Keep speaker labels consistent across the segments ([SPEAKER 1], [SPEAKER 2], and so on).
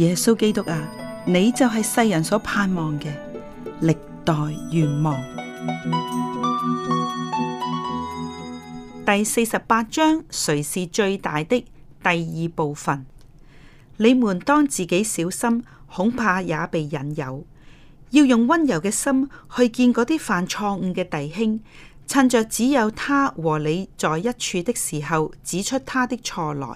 [SPEAKER 1] 耶穌基督啊，你就係世人所盼望嘅歷代願望。第四十八章，誰是最大的，第二部分。你們當自己小心，恐怕也被引誘。要用温柔嘅心去見嗰啲犯錯誤嘅弟兄，趁着只有他和你在一處的時候，指出他的錯來。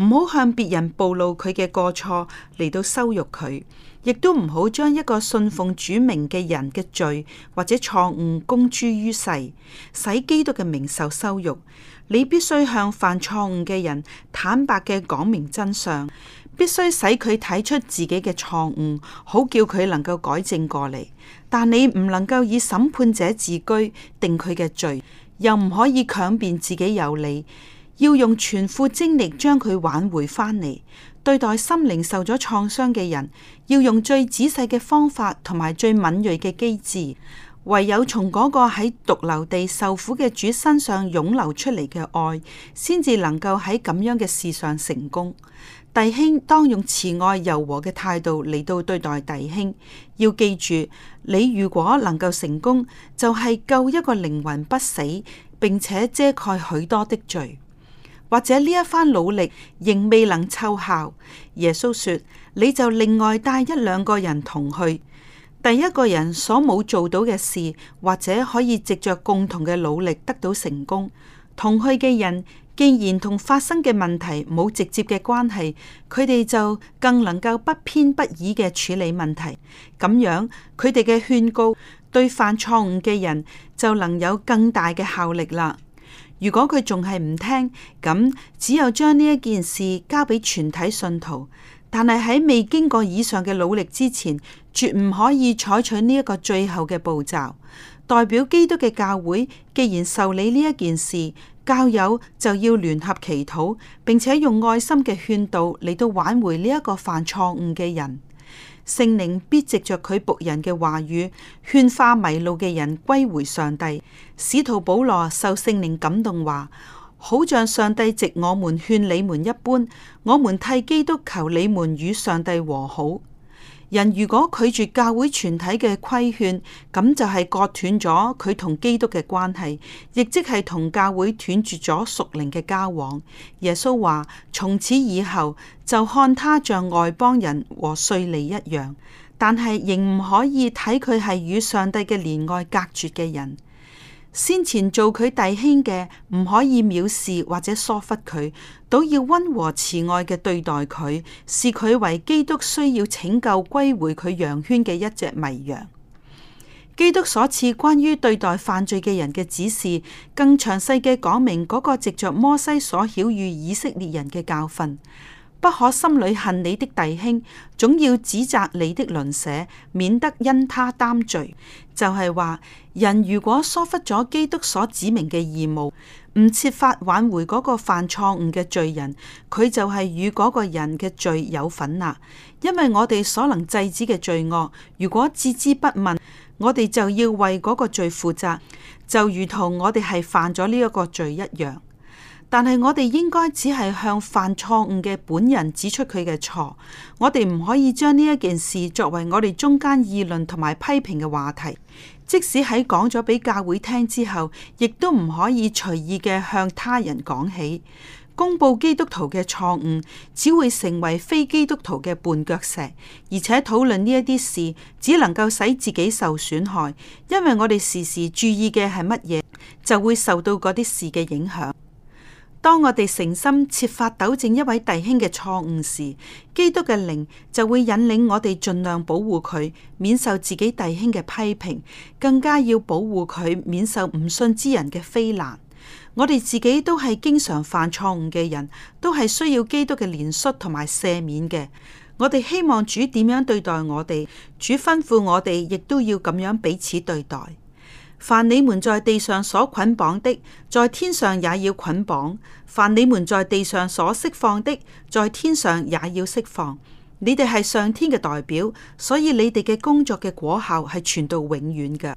[SPEAKER 1] 唔好向別人暴露佢嘅過錯嚟到羞辱佢，亦都唔好將一個信奉主名嘅人嘅罪或者錯誤公諸於世，使基督嘅名受羞辱。你必須向犯錯誤嘅人坦白嘅講明真相，必須使佢睇出自己嘅錯誤，好叫佢能夠改正過嚟。但你唔能夠以審判者自居，定佢嘅罪，又唔可以強辯自己有理。要用全副精力將佢挽回翻嚟。對待心靈受咗創傷嘅人，要用最仔細嘅方法同埋最敏銳嘅機智。唯有從嗰個喺獨留地受苦嘅主身上湧流出嚟嘅愛，先至能夠喺咁樣嘅事上成功。弟兄，當用慈愛柔和嘅態度嚟到對待弟兄。要記住，你如果能夠成功，就係救一個靈魂不死，並且遮蓋許多的罪。或者呢一番努力仍未能奏效，耶穌說：你就另外帶一兩個人同去。第一個人所冇做到嘅事，或者可以藉着共同嘅努力得到成功。同去嘅人既然同發生嘅問題冇直接嘅關係，佢哋就更能夠不偏不倚嘅處理問題。咁樣佢哋嘅勸告對犯錯誤嘅人就能有更大嘅效力啦。如果佢仲係唔聽，咁只有將呢一件事交俾全體信徒。但係喺未經過以上嘅努力之前，絕唔可以採取呢一個最後嘅步驟。代表基督嘅教會既然受理呢一件事，教友就要聯合祈禱，並且用愛心嘅勸導嚟到挽回呢一個犯錯誤嘅人。聖靈必藉着佢僕人嘅話語，勸化迷路嘅人歸回上帝。使徒保羅受聖靈感動話：「好像上帝藉我們勸你們一般，我們替基督求你們與上帝和好。」人如果拒絕教會全體嘅規勸，咁就係割斷咗佢同基督嘅關係，亦即係同教會斷絕咗屬靈嘅交往。耶穌話：從此以後就看他像外邦人和稅吏一樣，但係仍唔可以睇佢係與上帝嘅憐愛隔絕嘅人。先前做佢弟兄嘅，唔可以藐視或者疏忽佢，倒要溫和慈愛嘅對待佢，視佢為基督需要拯救歸回佢羊圈嘅一隻迷羊。基督所賜關於對待犯罪嘅人嘅指示，更詳細嘅講明嗰個藉着摩西所曉諭以色列人嘅教訓。不可心裏恨你的弟兄，總要指責你的鄰舍，免得因他擔罪。就係話，人如果疏忽咗基督所指明嘅義務，唔設法挽回嗰個犯錯誤嘅罪人，佢就係與嗰個人嘅罪有份啦。因為我哋所能制止嘅罪惡，如果置之不問，我哋就要為嗰個罪負責，就如同我哋係犯咗呢一個罪一樣。但係，我哋應該只係向犯錯誤嘅本人指出佢嘅錯。我哋唔可以將呢一件事作為我哋中間議論同埋批評嘅話題。即使喺講咗俾教會聽之後，亦都唔可以隨意嘅向他人講起。公佈基督徒嘅錯誤只會成為非基督徒嘅絆腳石，而且討論呢一啲事只能夠使自己受損害。因為我哋時時注意嘅係乜嘢，就會受到嗰啲事嘅影響。當我哋誠心設法糾正一位弟兄嘅錯誤時，基督嘅靈就會引領我哋盡量保護佢，免受自己弟兄嘅批評，更加要保護佢免受唔信之人嘅非難。我哋自己都係經常犯錯誤嘅人，都係需要基督嘅憐恤同埋赦免嘅。我哋希望主點樣對待我哋，主吩咐我哋亦都要咁樣彼此對待。凡你們在地上所捆綁的，在天上也要捆綁；凡你們在地上所釋放的，在天上也要釋放。你哋係上天嘅代表，所以你哋嘅工作嘅果效係傳到永遠嘅。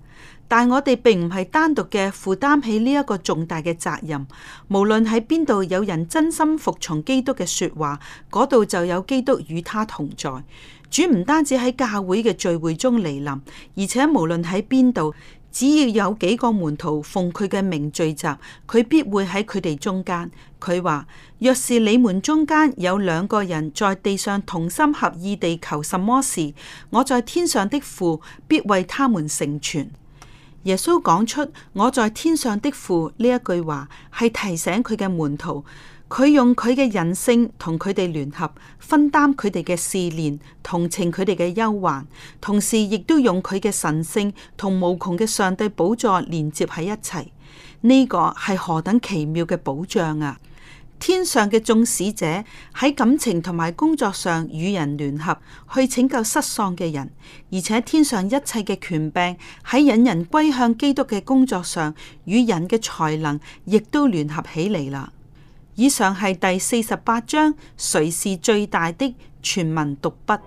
[SPEAKER 1] 但我哋並唔係單獨嘅負擔起呢一個重大嘅責任。無論喺邊度有人真心服從基督嘅說話，嗰度就有基督與他同在。主唔單止喺教會嘅聚會中嚟臨，而且無論喺邊度。只要有幾個門徒奉佢嘅名聚集，佢必會喺佢哋中間。佢話：若是你們中間有兩個人在地上同心合意地求什麼事，我在天上的父必為他們成全。耶穌講出我在天上的父呢一句話，係提醒佢嘅門徒。佢用佢嘅人性同佢哋聯合，分擔佢哋嘅試煉，同情佢哋嘅憂患，同時亦都用佢嘅神性同無窮嘅上帝寶座連接喺一齊。呢、這個係何等奇妙嘅保障啊！天上嘅眾使者喺感情同埋工作上與人聯合，去拯救失喪嘅人，而且天上一切嘅權柄喺引人歸向基督嘅工作上，與人嘅才能亦都聯合起嚟啦。以上係第四十八章，誰是最大的全文讀畢。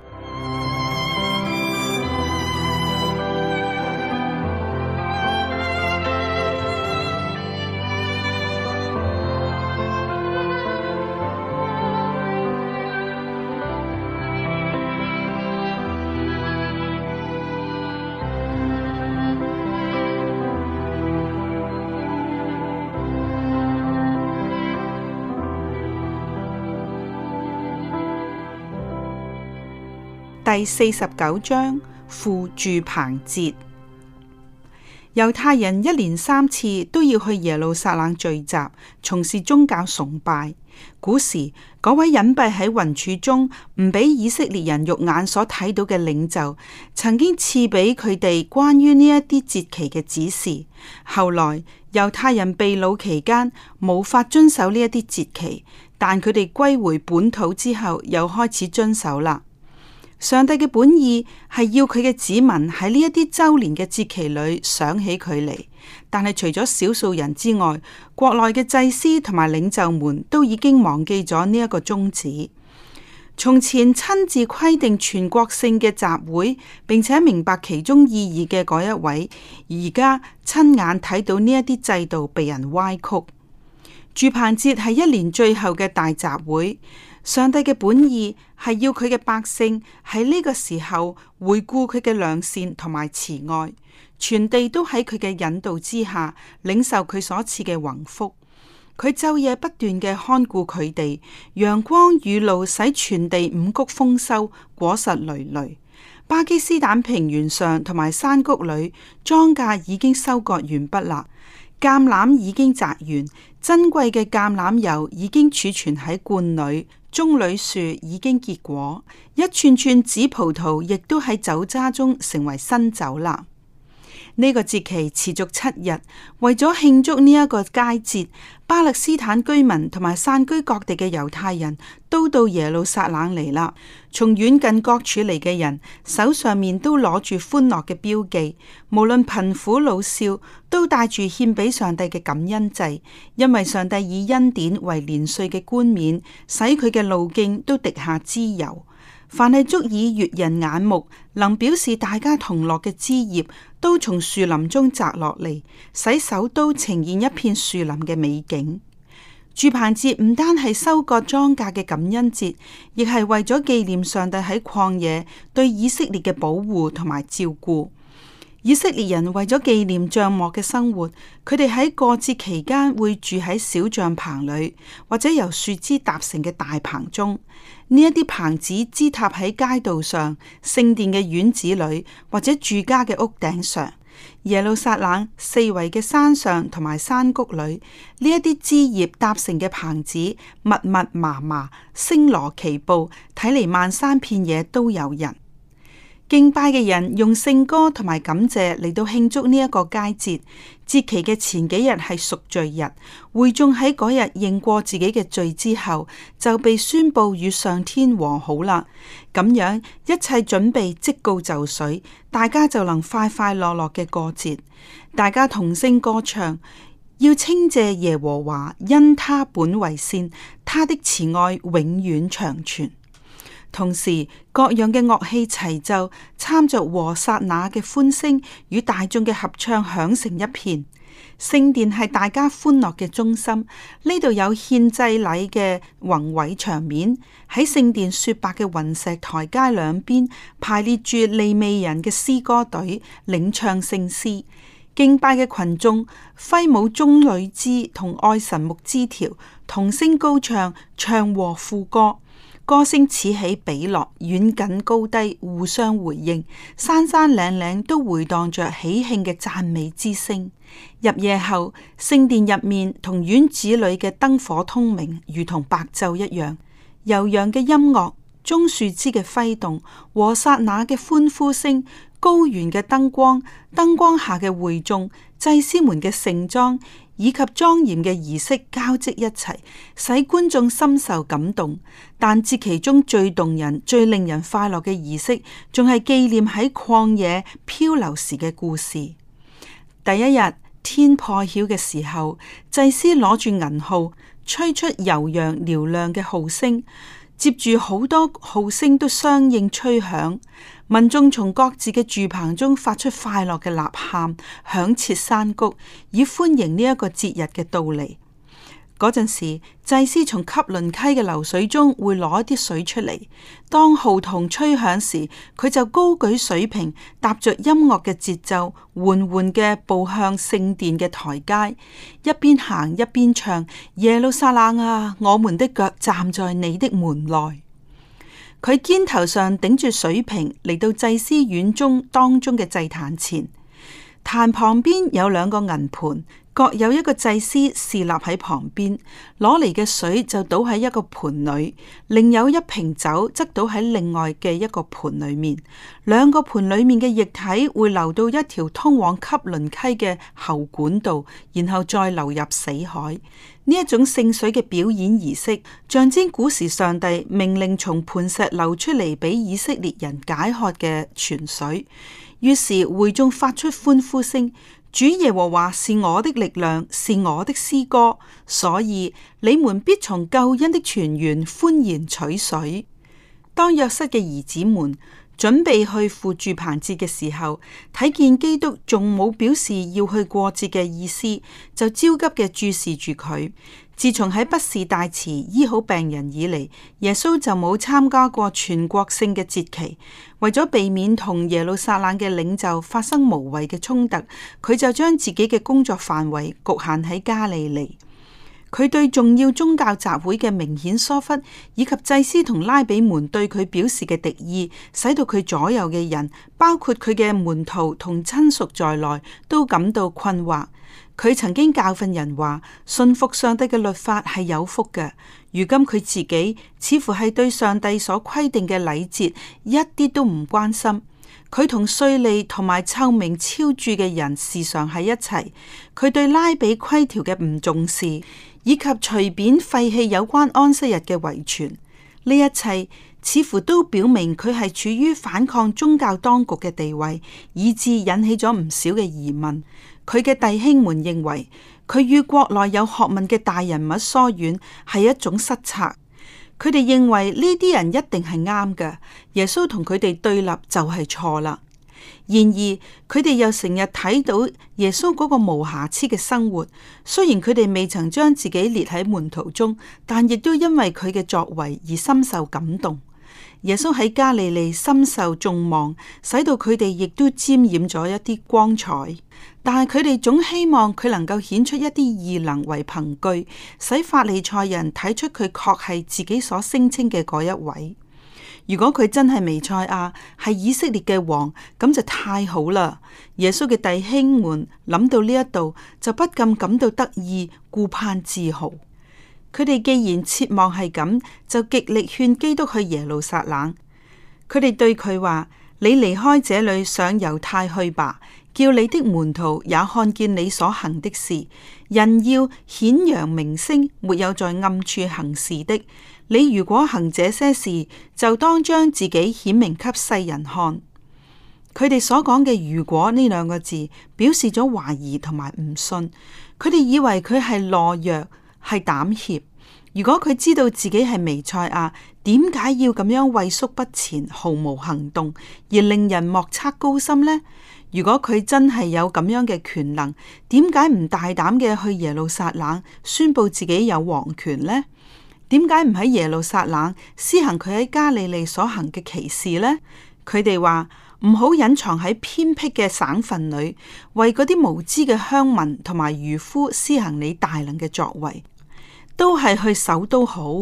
[SPEAKER 1] 第四十九章，赴住棚節。猶太人一年三次都要去耶路撒冷聚集，從事宗教崇拜。古時嗰位隱蔽喺雲柱中，唔俾以色列人肉眼所睇到嘅領袖，曾經賜俾佢哋關於呢一啲節期嘅指示。後來猶太人被擄期間，無法遵守呢一啲節期，但佢哋歸回本土之後，又開始遵守啦。上帝嘅本意係要佢嘅子民喺呢一啲周年嘅節期裏想起佢嚟，但係除咗少數人之外，國內嘅祭司同埋領袖們都已經忘記咗呢一個宗旨。從前親自規定全國性嘅集會，並且明白其中意義嘅嗰一位，而家親眼睇到呢一啲制度被人歪曲。住棚節係一年最後嘅大集會。上帝嘅本意係要佢嘅百姓喺呢個時候回顧佢嘅良善同埋慈愛，全地都喺佢嘅引導之下，領受佢所賜嘅宏福。佢晝夜不斷嘅看顧佢哋，陽光雨露使全地五穀豐收，果實累累。巴基斯坦平原上同埋山谷裏，莊稼已經收割完畢啦，橄欖已經摘完，珍貴嘅橄欖油已經儲存喺罐裏。棕櫚樹已經結果，一串串紫葡萄亦都喺酒渣中成為新酒啦。呢個節期持續七日，為咗慶祝呢一個佳節，巴勒斯坦居民同埋散居各地嘅猶太人都到耶路撒冷嚟啦。從遠近各處嚟嘅人，手上面都攞住歡樂嘅標記，無論貧苦老少，都帶住獻俾上帝嘅感恩祭，因為上帝以恩典為年歲嘅冠冕，使佢嘅路徑都滴下脂油。凡係足以悅人眼目，能表示大家同樂嘅枝葉，都從樹林中摘落嚟，使首都呈現一片樹林嘅美景。住棚節唔單係收割莊稼嘅感恩節，亦係為咗紀念上帝喺曠野對以色列嘅保護同埋照顧。以色列人為咗紀念帳幕嘅生活，佢哋喺過節期間會住喺小帳棚裏，或者由樹枝搭成嘅大棚中。呢一啲棚子支搭喺街道上、聖殿嘅院子裏，或者住家嘅屋頂上。耶路撒冷四圍嘅山上同埋山谷裏，呢一啲枝葉搭成嘅棚子密密麻麻，星羅棋布，睇嚟漫山遍野都有人。敬拜嘅人用聖歌同埋感謝嚟到慶祝呢一個佳節，節期嘅前幾日係贖罪日，會眾喺嗰日認過自己嘅罪之後，就被宣布與上天和好啦。咁樣一切準備即告就緒，大家就能快快樂樂嘅過節。大家同聲歌唱，要稱謝耶和華，因他本為善，他的慈愛永遠長存。同時，各樣嘅樂器齊奏，參着和散那嘅歡聲，與大眾嘅合唱響成一片。聖殿係大家歡樂嘅中心，呢度有獻祭禮嘅宏偉場面。喺聖殿雪白嘅雲石台階兩邊，排列住利未人嘅詩歌隊，領唱聖詩。敬拜嘅群眾揮舞棕櫚枝同愛神木枝條，同聲高唱唱和副歌。歌聲此起彼落，遠近高低互相回應，山山嶺嶺都回蕩着喜慶嘅讚美之聲。入夜後，聖殿入面同院子裏嘅燈火通明，如同白晝一樣。悠揚嘅音樂、棕樹枝嘅揮動和剎那嘅歡呼聲。高原嘅燈光，燈光下嘅會眾、祭司們嘅盛裝以及莊嚴嘅儀式交織一齊，使觀眾深受感動。但至其中最動人、最令人快樂嘅儀式，仲係紀念喺曠野漂流時嘅故事。第一日天破曉嘅時候，祭司攞住銀號，吹出悠揚嘹亮嘅號聲。接住好多號聲都相應吹響，民眾從各自嘅住棚中發出快樂嘅吶喊，響徹山谷，以歡迎呢一個節日嘅到嚟。嗰陣時，祭司從汲倫溪嘅流水中會攞一啲水出嚟。當號筒吹響時，佢就高舉水瓶，踏着音樂嘅節奏，緩緩嘅步向聖殿嘅台階，一邊行一邊唱，耶路撒冷啊！我們的腳站在你的門內。佢肩頭上頂住水瓶，嚟到祭司院中當中嘅祭壇前，壇旁邊有兩個銀盤。各有一個祭司侍立喺旁邊，攞嚟嘅水就倒喺一個盤裏，另有一瓶酒則倒喺另外嘅一個盤裏面。兩個盤裏面嘅液體會流到一條通往汲淪溪嘅喉管道，然後再流入死海。呢一種聖水嘅表演儀式，象徵古時上帝命令從磐石流出嚟俾以色列人解渴嘅泉水。於是會眾發出歡呼聲。主耶和華是我的力量，是我的詩歌，所以你們必從救恩的泉源歡然取水。當約瑟嘅兒子們，準備去赴住棚節嘅時候，睇見基督仲冇表示要去過節嘅意思，就焦急嘅注視住佢。自從喺畢士大池醫好病人以嚟，耶穌就冇參加過全國性嘅節期。為咗避免同耶路撒冷嘅領袖發生無謂嘅衝突，佢就將自己嘅工作範圍局限喺加利利。佢對重要宗教集會嘅明顯疏忽，以及祭司同拉比們對佢表示嘅敵意，使到佢左右嘅人，包括佢嘅門徒同親屬在內，都感到困惑。佢曾經教訓人話，信服上帝嘅律法係有福嘅。如今佢自己似乎係對上帝所規定嘅禮節一啲都唔關心。佢同稅吏同埋臭名昭著嘅人時常喺一齊。佢對拉比規條嘅唔重視，以及隨便廢棄有關安息日嘅遺傳，呢一切似乎都表明佢係處於反抗宗教當局嘅地位，以致引起咗唔少嘅疑問。佢嘅弟兄們認為佢與國內有學問嘅大人物疏遠係一種失策，佢哋認為呢啲人一定係啱嘅，耶穌同佢哋對立就係錯啦。然而，佢哋又成日睇到耶穌嗰個無瑕疵嘅生活，雖然佢哋未曾將自己列喺門徒中，但亦都因為佢嘅作為而深受感動。耶穌喺加利利深受眾望，使到佢哋亦都沾染咗一啲光彩。但係佢哋總希望佢能夠顯出一啲異能為憑據，使法利賽人睇出佢確係自己所聲稱嘅嗰一位。如果佢真係彌賽亞，係以色列嘅王，咁就太好啦！耶穌嘅弟兄們諗到呢一度，就不禁感到得意、顧盼自豪。佢哋既然設望係咁，就極力勸基督去耶路撒冷。佢哋對佢話：你離開這裡，上猶太去吧，叫你的門徒也看見你所行的事。人要顯揚名聲，沒有在暗處行事的。你如果行這些事，就當將自己顯明給世人看。佢哋所講嘅如果呢兩個字，表示咗懷疑同埋唔信。佢哋以為佢係懦弱，係膽怯。如果佢知道自己係彌賽亞，點解要咁樣畏縮不前，毫無行動而令人莫測高深呢？如果佢真係有咁樣嘅權能，點解唔大膽嘅去耶路撒冷宣布自己有皇權呢？點解唔喺耶路撒冷施行佢喺加利利所行嘅奇事呢？佢哋話唔好隱藏喺偏僻嘅省份裏，為嗰啲無知嘅鄉民同埋漁夫施行你大能嘅作為，都係去首都好，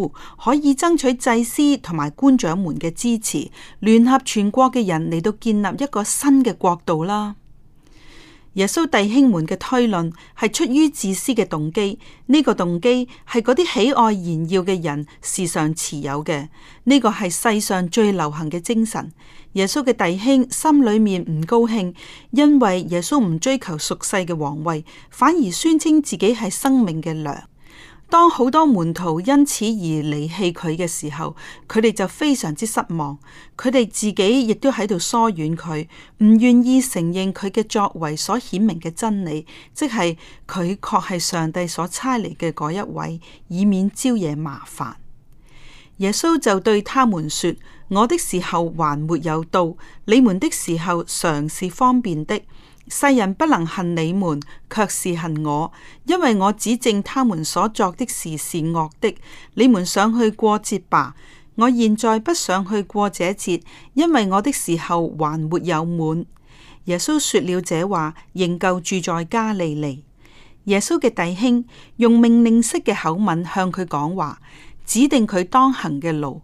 [SPEAKER 1] 可以爭取祭司同埋官長們嘅支持，聯合全國嘅人嚟到建立一個新嘅國度啦。耶穌弟兄們嘅推論係出於自私嘅動機，呢、這個動機係嗰啲喜愛炫耀嘅人時常持有嘅，呢、這個係世上最流行嘅精神。耶穌嘅弟兄心裏面唔高興，因為耶穌唔追求俗世嘅皇位，反而宣稱自己係生命嘅糧。當好多門徒因此而離棄佢嘅時候，佢哋就非常之失望，佢哋自己亦都喺度疏遠佢，唔願意承認佢嘅作為所顯明嘅真理，即係佢確係上帝所差嚟嘅嗰一位，以免招惹麻煩。耶穌就對他們說：我的時候還沒有到，你們的時候常是方便的。世人不能恨你們，卻是恨我，因為我指證他們所作的事是惡的。你們想去過節吧，我現在不想去過這節，因為我的時候還沒有滿。耶穌說了這話，仍舊住在加利利。耶穌嘅弟兄用命令式嘅口吻向佢講話，指定佢當行嘅路。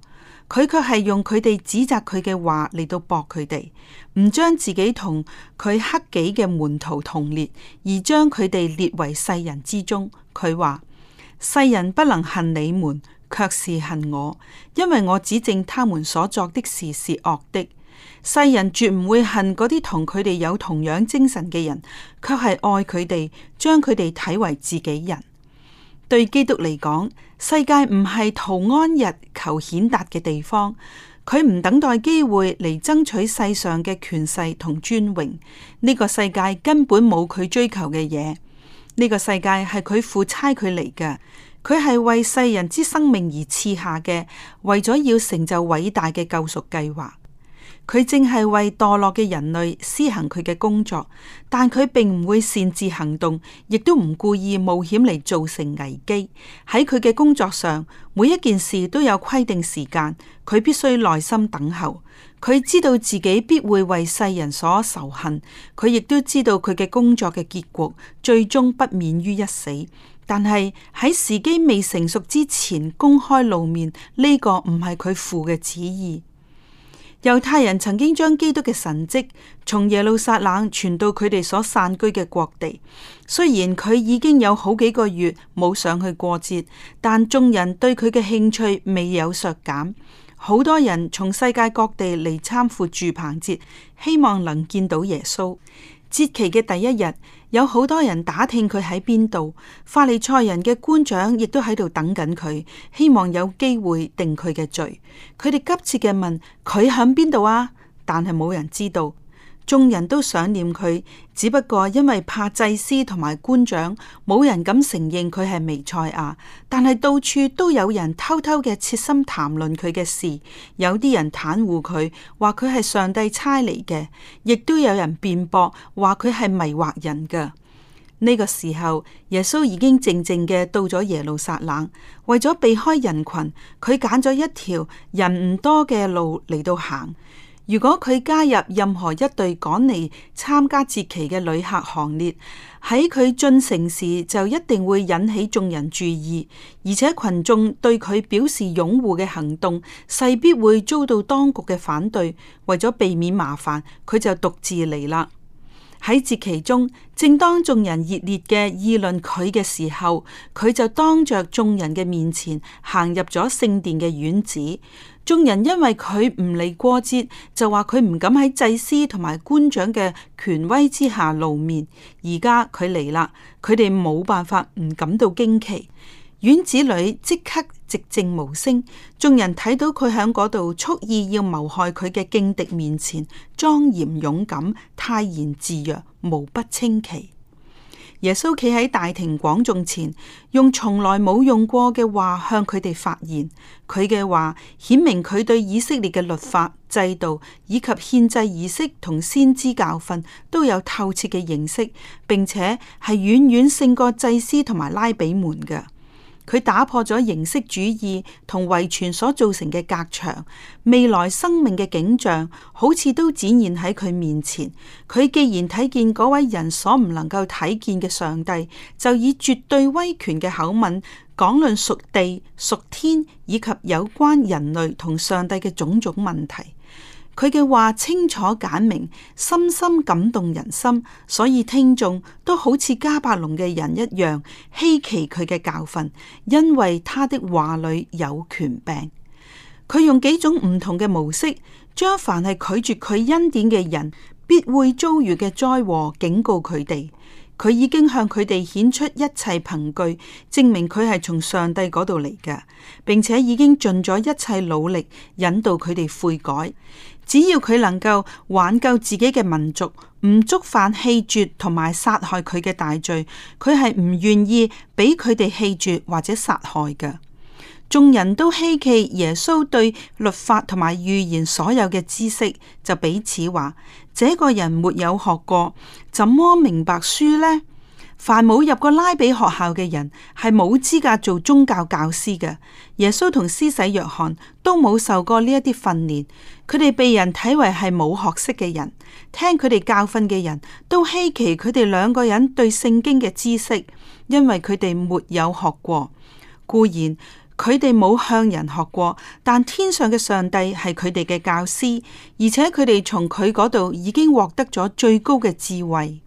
[SPEAKER 1] 佢卻係用佢哋指責佢嘅話嚟到駁佢哋，唔將自己同佢黑己嘅門徒同列，而將佢哋列為世人之中。佢話世人不能恨你們，卻是恨我，因為我指證他們所作的事是，是惡的。世人絕唔會恨嗰啲同佢哋有同樣精神嘅人，卻係愛佢哋，將佢哋睇為自己人。對基督嚟講。世界唔係圖安逸求顯達嘅地方，佢唔等待機會嚟爭取世上嘅權勢同尊榮。呢個世界根本冇佢追求嘅嘢，呢個世界係佢父差佢嚟噶，佢係為世人之生命而賜下嘅，為咗要成就偉大嘅救贖計劃。佢正係為墮落嘅人類施行佢嘅工作，但佢並唔會擅自行動，亦都唔故意冒險嚟造成危機。喺佢嘅工作上，每一件事都有規定時間，佢必須耐心等候。佢知道自己必會為世人所仇恨，佢亦都知道佢嘅工作嘅結果最終不免於一死。但係喺時機未成熟之前公開露面，呢個唔係佢父嘅旨意。猶太人曾經將基督嘅神跡從耶路撒冷傳到佢哋所散居嘅各地。雖然佢已經有好幾個月冇上去過節，但眾人對佢嘅興趣未有削減。好多人從世界各地嚟參赴住棚節，希望能見到耶穌。節期嘅第一日，有好多人打聽佢喺邊度，法利賽人嘅官長亦都喺度等緊佢，希望有機會定佢嘅罪。佢哋急切嘅問佢喺邊度啊，但係冇人知道。眾人都想念佢，只不過因為怕祭司同埋官長，冇人敢承認佢係彌賽亞。但係到處都有人偷偷嘅切心談論佢嘅事，有啲人袒護佢，話佢係上帝差嚟嘅；亦都有人辯駁，話佢係迷惑人㗎。呢個時候，耶穌已經靜靜嘅到咗耶路撒冷，為咗避開人群，佢揀咗一條人唔多嘅路嚟到行。如果佢加入任何一隊趕嚟參加節期嘅旅客行列，喺佢進城時就一定會引起眾人注意，而且群眾對佢表示擁護嘅行動，勢必會遭到當局嘅反對。為咗避免麻煩，佢就獨自嚟啦。喺節期中，正當眾人熱烈嘅議論佢嘅時候，佢就當着眾人嘅面前行入咗聖殿嘅院子。眾人因為佢唔嚟過節，就話佢唔敢喺祭司同埋官長嘅權威之下露面。而家佢嚟啦，佢哋冇辦法唔感到驚奇。院子裏即刻寂靜無聲。眾人睇到佢喺嗰度，蓄意要謀害佢嘅勁敵面前，莊嚴勇敢，泰然自若，無不稱奇。耶穌企喺大庭廣眾前，用從來冇用過嘅話向佢哋發言。佢嘅話顯明佢對以色列嘅律法、制度以及獻祭儀式同先知教訓都有透徹嘅認識，並且係遠遠勝過祭司同埋拉比們嘅。佢打破咗形式主義同遺傳所造成嘅隔牆，未來生命嘅景象好似都展現喺佢面前。佢既然睇見嗰位人所唔能夠睇見嘅上帝，就以絕對威權嘅口吻講論屬地、屬天，以及有關人類同上帝嘅種種問題。佢嘅話清楚簡明，深深感動人心，所以聽眾都好似迦百農嘅人一樣稀奇佢嘅教訓，因為他的話裏有權柄。佢用幾種唔同嘅模式，將凡係拒絕佢恩典嘅人，必會遭遇嘅災禍警告佢哋。佢已經向佢哋顯出一切憑據，證明佢係從上帝嗰度嚟嘅，並且已經盡咗一切努力引導佢哋悔改。只要佢能夠挽救自己嘅民族，唔觸犯棄絕同埋殺害佢嘅大罪，佢係唔願意俾佢哋棄絕或者殺害嘅。眾人都希奇耶穌對律法同埋預言所有嘅知識，就彼此話，這個人沒有學過，怎麼明白書呢？凡冇入過拉比學校嘅人，係冇資格做宗教教師嘅。耶穌同施洗約翰都冇受過呢一啲訓練，佢哋被人睇為係冇學識嘅人。聽佢哋教訓嘅人都稀奇佢哋兩個人對聖經嘅知識，因為佢哋沒有學過。固然佢哋冇向人學過，但天上嘅上帝係佢哋嘅教師，而且佢哋從佢嗰度已經獲得咗最高嘅智慧。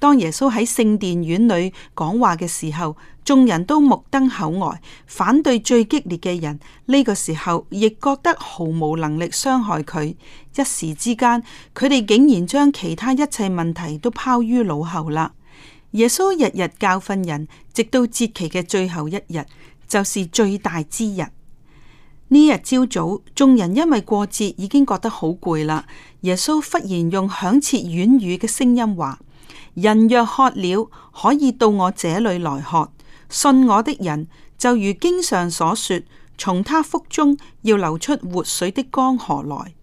[SPEAKER 1] 當耶穌喺聖殿院裏講話嘅時候，眾人都目瞪口呆。反對最激烈嘅人呢個時候亦覺得毫無能力傷害佢。一時之間，佢哋竟然將其他一切問題都拋於腦後啦。耶穌日日教訓人，直到節期嘅最後一日，就是最大之日。呢日朝早，眾人因為過節已經覺得好攰啦。耶穌忽然用響徹軟語嘅聲音話。人若渴了，可以到我這裏來喝。信我的人，就如經上所說，從他腹中要流出活水的江河來。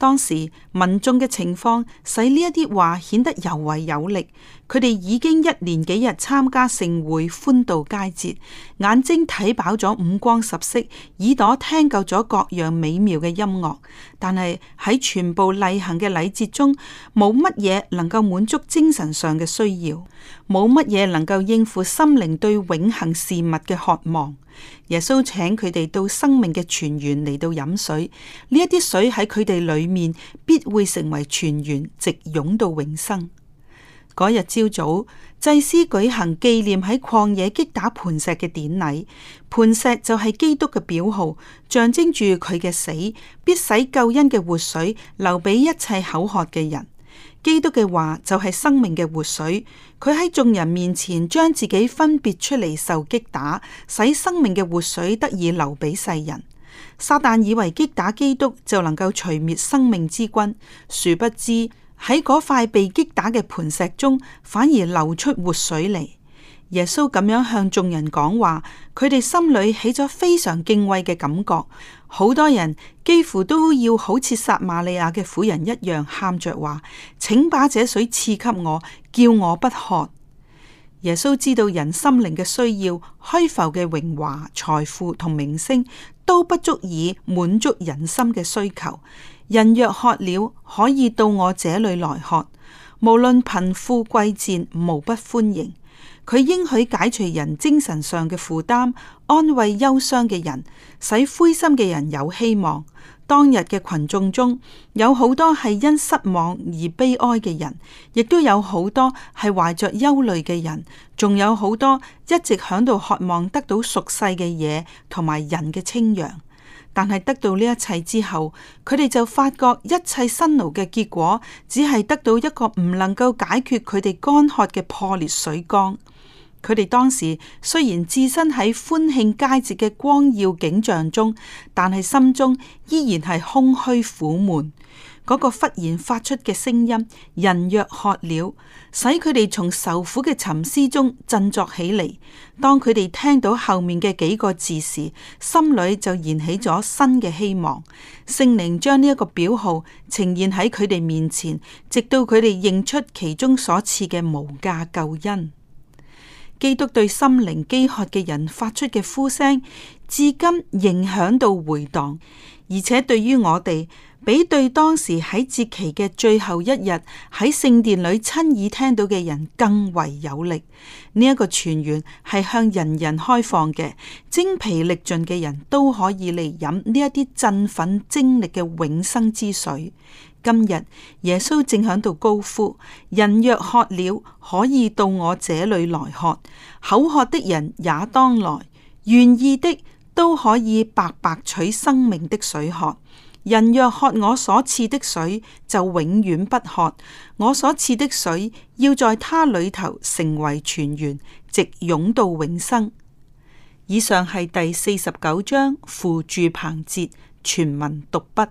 [SPEAKER 1] 當時民眾嘅情況，使呢一啲話顯得尤為有力。佢哋已經一連幾日參加盛會，歡度佳節，眼睛睇飽咗五光十色，耳朵聽夠咗各樣美妙嘅音樂。但係喺全部例行嘅禮節中，冇乜嘢能夠滿足精神上嘅需要，冇乜嘢能夠應付心靈對永恆事物嘅渴望。耶穌請佢哋到生命嘅泉源嚟到飲水，呢一啲水喺佢哋裏面必會成為泉源，直湧到永生。嗰日朝早，祭司舉行紀念喺曠野擊打磐石嘅典禮，磐石就係基督嘅表號，象徵住佢嘅死，必使救恩嘅活水留俾一切口渴嘅人。基督嘅話就係、是、生命嘅活水，佢喺眾人面前將自己分別出嚟受擊打，使生命嘅活水得以流俾世人。撒旦以為擊打基督就能夠除滅生命之君，殊不知喺嗰塊被擊打嘅磐石中，反而流出活水嚟。耶穌咁樣向眾人講話，佢哋心裏起咗非常敬畏嘅感覺。好多人幾乎都要好似撒瑪利亞嘅婦人一樣喊着話：請把這水賜給我，叫我不渴。耶穌知道人心靈嘅需要，虛浮嘅榮華、財富同名聲都不足以滿足人心嘅需求。人若渴，渴了，可以到我這裏來喝，無論貧富貴賤，無不歡迎。佢應許解除人精神上嘅負擔，安慰憂傷嘅人，使灰心嘅人有希望。當日嘅群眾中有好多係因失望而悲哀嘅人，亦都有好多係懷着憂慮嘅人，仲有好多一直喺度渴望得到屬世嘅嘢同埋人嘅清揚。但係得到呢一切之後，佢哋就發覺一切辛勞嘅結果，只係得到一個唔能夠解決佢哋乾渴嘅破裂水缸。佢哋當時雖然置身喺歡慶佳節嘅光耀景象中，但係心中依然係空虛苦悶。嗰個忽然發出嘅聲音，人若渴了，使佢哋從愁苦嘅沉思中振作起嚟。當佢哋聽到後面嘅幾個字時，心裏就燃起咗新嘅希望。聖靈將呢一個表號呈現喺佢哋面前，直到佢哋認出其中所賜嘅無價救恩。基督對心靈飢渴嘅人發出嘅呼聲，至今影響到回盪，而且對於我哋比對當時喺節期嘅最後一日喺聖殿裏親耳聽到嘅人更為有力。呢、這、一個泉源係向人人開放嘅，精疲力盡嘅人都可以嚟飲呢一啲振奮精力嘅永生之水。今日耶穌正喺度高呼：人若渴了，可以到我這裏來喝；口渴的人也當來，願意的都可以白白取生命的水喝。人若喝我所賜的水，就永遠不渴。我所賜的水要在他裏頭成為泉源，直湧到永生。以上係第四十九章附注旁節全文讀畢。